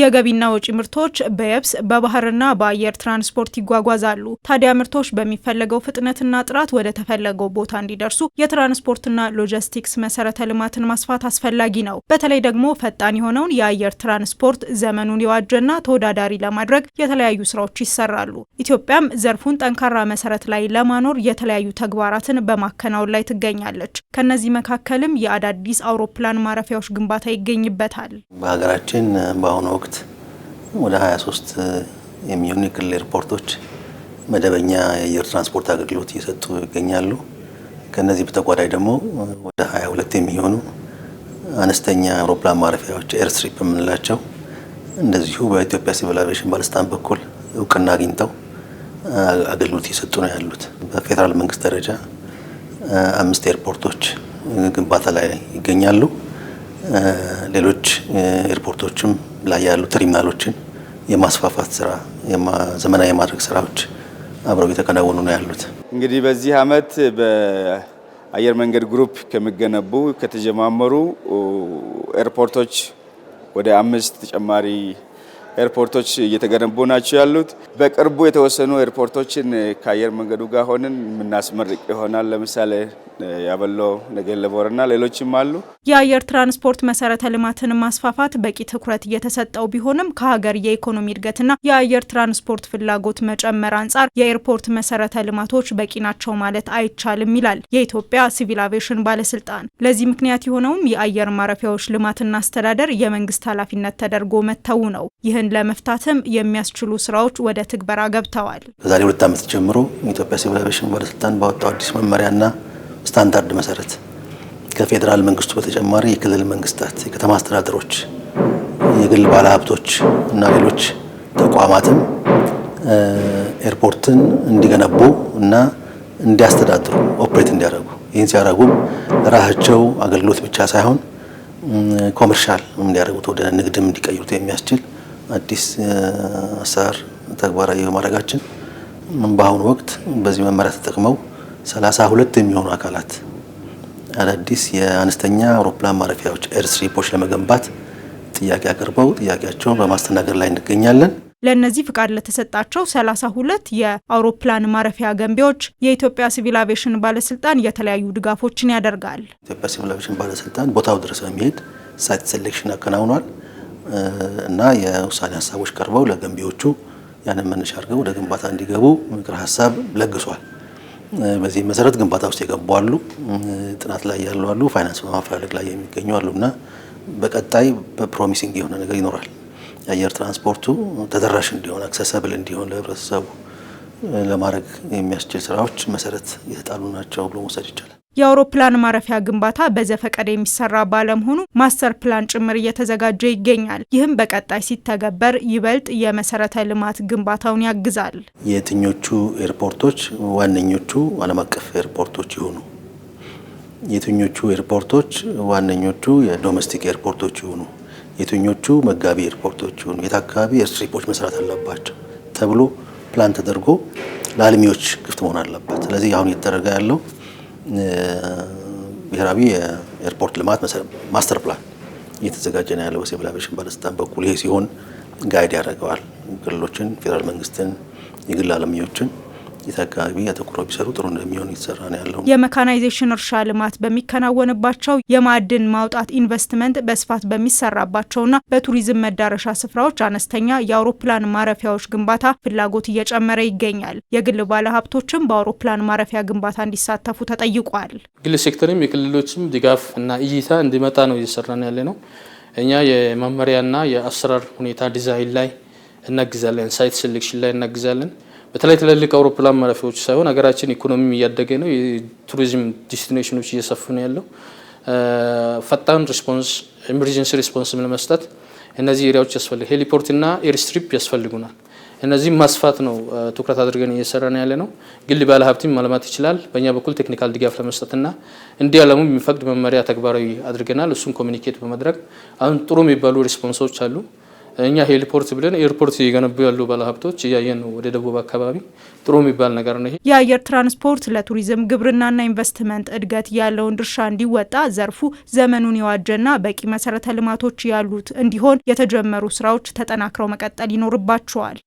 የገቢና ወጪ ምርቶች በየብስ በባህርና በአየር ትራንስፖርት ይጓጓዛሉ። ታዲያ ምርቶች በሚፈለገው ፍጥነትና ጥራት ወደ ተፈለገው ቦታ እንዲደርሱ የትራንስፖርትና ሎጂስቲክስ መሰረተ ልማትን ማስፋት አስፈላጊ ነው። በተለይ ደግሞ ፈጣን የሆነውን የአየር ትራንስፖርት ዘመኑን የዋጀና ተወዳዳሪ ለማድረግ የተለያዩ ስራዎች ይሰራሉ። ኢትዮጵያም ዘርፉን ጠንካራ መሰረት ላይ ለማኖር የተለያዩ ተግባራትን በማከናወን ላይ ትገኛለች። ከነዚህ መካከልም የአዳዲስ አውሮፕላን ማረፊያዎች ግንባታ ይገኝበታል። በሀገራችን በአሁኑ ወቅ ወቅት ወደ 23 የሚሆኑ የክልል ኤርፖርቶች መደበኛ የአየር ትራንስፖርት አገልግሎት እየሰጡ ይገኛሉ። ከነዚህ በተጓዳኝ ደግሞ ወደ 22 የሚሆኑ አነስተኛ አውሮፕላን ማረፊያዎች ኤርስትሪፕ የምንላቸው እንደዚሁ በኢትዮጵያ ሲቪል አቪዬሽን ባለስልጣን በኩል እውቅና አግኝተው አገልግሎት እየሰጡ ነው ያሉት። በፌዴራል መንግስት ደረጃ አምስት ኤርፖርቶች ግንባታ ላይ ይገኛሉ። ሌሎች ኤርፖርቶችም ላይ ያሉ ተርሚናሎችን የማስፋፋት ስራ ዘመናዊ የማድረግ ስራዎች አብረው እየተከናወኑ ነው ያሉት። እንግዲህ በዚህ አመት በአየር መንገድ ግሩፕ ከሚገነቡ ከተጀማመሩ ኤርፖርቶች ወደ አምስት ተጨማሪ ኤርፖርቶች እየተገነቡ ናቸው ያሉት። በቅርቡ የተወሰኑ ኤርፖርቶችን ከአየር መንገዱ ጋር ሆንን የምናስመርቅ ይሆናል። ለምሳሌ ያበሎ፣ ነገሌቦርና ሌሎችም አሉ። የአየር ትራንስፖርት መሰረተ ልማትን ማስፋፋት በቂ ትኩረት እየተሰጠው ቢሆንም ከሀገር የኢኮኖሚ እድገትና የአየር ትራንስፖርት ፍላጎት መጨመር አንጻር የኤርፖርት መሰረተ ልማቶች በቂ ናቸው ማለት አይቻልም ይላል የኢትዮጵያ ሲቪል አቬሽን ባለስልጣን። ለዚህ ምክንያት የሆነውም የአየር ማረፊያዎች ልማትና አስተዳደር የመንግስት ኃላፊነት ተደርጎ መተው ነው። ይህን ችግሮችን ለመፍታትም የሚያስችሉ ስራዎች ወደ ትግበራ ገብተዋል። ከዛሬ ሁለት ዓመት ጀምሮ የኢትዮጵያ ሲቪል አቪዬሽን ባለስልጣን ባወጣው አዲስ መመሪያና ስታንዳርድ መሰረት ከፌዴራል መንግስቱ በተጨማሪ የክልል መንግስታት፣ የከተማ አስተዳደሮች፣ የግል ባለሀብቶች እና ሌሎች ተቋማትም ኤርፖርትን እንዲገነቡ እና እንዲያስተዳድሩ ኦፕሬት እንዲያደርጉ ይህን ሲያደርጉም ራሳቸው አገልግሎት ብቻ ሳይሆን ኮመርሻል እንዲያደርጉት ወደ ንግድም እንዲቀይሩት የሚያስችል አዲስ አሰራር ተግባራዊ በማድረጋችን በአሁኑ ወቅት በዚህ መመሪያ ተጠቅመው ሰላሳ ሁለት የሚሆኑ አካላት አዳዲስ የአነስተኛ አውሮፕላን ማረፊያዎች ኤርስትሪፖች ለመገንባት ጥያቄ አቅርበው ጥያቄያቸውን በማስተናገድ ላይ እንገኛለን። ለእነዚህ ፍቃድ ለተሰጣቸው ሰላሳ ሁለት የአውሮፕላን ማረፊያ ገንቢዎች የኢትዮጵያ ሲቪል አቪዬሽን ባለስልጣን የተለያዩ ድጋፎችን ያደርጋል። ኢትዮጵያ ሲቪል አቪዬሽን ባለስልጣን ቦታው ድረስ በመሄድ ሳይት ሴሌክሽን አከናውኗል። እና የውሳኔ ሀሳቦች ቀርበው ለገንቢዎቹ ያንን መነሻ አድርገው ወደ ግንባታ እንዲገቡ ምክር ሀሳብ ለግሷል። በዚህ መሰረት ግንባታ ውስጥ የገቡ አሉ፣ ጥናት ላይ ያሉ አሉ፣ ፋይናንስ በማፈላለግ ላይ የሚገኙ አሉ እና በቀጣይ በፕሮሚሲንግ የሆነ ነገር ይኖራል። የአየር ትራንስፖርቱ ተደራሽ እንዲሆን አክሰሰብል እንዲሆን ለህብረተሰቡ ለማድረግ የሚያስችል ስራዎች መሰረት የተጣሉ ናቸው ብሎ መውሰድ ይቻላል። የአውሮፕላን ማረፊያ ግንባታ በዘፈቀደ የሚሰራ ባለመሆኑ ማስተር ፕላን ጭምር እየተዘጋጀ ይገኛል። ይህም በቀጣይ ሲተገበር ይበልጥ የመሰረተ ልማት ግንባታውን ያግዛል። የትኞቹ ኤርፖርቶች ዋነኞቹ ዓለም አቀፍ ኤርፖርቶች ይሆኑ? የትኞቹ ኤርፖርቶች ዋነኞቹ የዶሜስቲክ ኤርፖርቶች ይሆኑ? የትኞቹ መጋቢ ኤርፖርቶች ይሆኑ? የት አካባቢ ኤርስትሪፖች መስራት አለባቸው ተብሎ ፕላን ተደርጎ ለአልሚዎች ክፍት መሆን አለበት። ስለዚህ አሁን እየተደረገ ያለው ብሔራዊ የኤርፖርት ልማት ማስተር ፕላን እየተዘጋጀ ነው ያለው በሲቪል አቪዬሽን ባለስልጣን በኩል። ይሄ ሲሆን ጋይድ ያደርገዋል ክልሎችን፣ ፌዴራል መንግስትን፣ የግል አለሚዎችን ጥቂት አካባቢ አተኩረው ቢሰሩ ጥሩ እንደሚሆን የተሰራ ነው ያለው። የመካናይዜሽን እርሻ ልማት በሚከናወንባቸው የማዕድን ማውጣት ኢንቨስትመንት በስፋት በሚሰራባቸውና በቱሪዝም መዳረሻ ስፍራዎች አነስተኛ የአውሮፕላን ማረፊያዎች ግንባታ ፍላጎት እየጨመረ ይገኛል። የግል ባለሀብቶችም በአውሮፕላን ማረፊያ ግንባታ እንዲሳተፉ ተጠይቋል። ግል ሴክተርም የክልሎችም ድጋፍ እና እይታ እንዲመጣ ነው እየሰራን ያለ ነው። እኛ የመመሪያና የአሰራር ሁኔታ ዲዛይን ላይ እናግዛለን፣ ሳይት ሴሌክሽን ላይ እናግዛለን። በተለይ ትልልቅ አውሮፕላን ማረፊያዎች ሳይሆን ሀገራችን ኢኮኖሚም እያደገ ነው። የቱሪዝም ዲስቲኔሽኖች እየሰፉ ነው ያለው። ፈጣን ሪስፖንስ፣ ኤመርጀንሲ ሪስፖንስ ለመስጠት እነዚህ ኤሪያዎች ያስፈልግ፣ ሄሊፖርትና ኤርስትሪፕ ያስፈልጉናል። እነዚህም ማስፋት ነው ትኩረት አድርገን ነው ያለ ነው። ግል ባለ ሀብትም ማልማት ይችላል። በእኛ በኩል ቴክኒካል ድጋፍ ለመስጠትና እንዲህ አለሙ የሚፈቅድ መመሪያ ተግባራዊ አድርገናል። እሱን ኮሚኒኬት በመድረግ አሁን ጥሩ የሚባሉ ሪስፖንሶች አሉ። እኛ ሄሊፖርት ብለን ኤርፖርት እየገነቡ ያሉ ባለሀብቶች እያየን ነው። ወደ ደቡብ አካባቢ ጥሩ የሚባል ነገር ነው። የአየር ትራንስፖርት ለቱሪዝም ግብርናና ኢንቨስትመንት እድገት ያለውን ድርሻ እንዲወጣ ዘርፉ ዘመኑን የዋጀና በቂ መሰረተ ልማቶች ያሉት እንዲሆን የተጀመሩ ስራዎች ተጠናክረው መቀጠል ይኖርባቸዋል።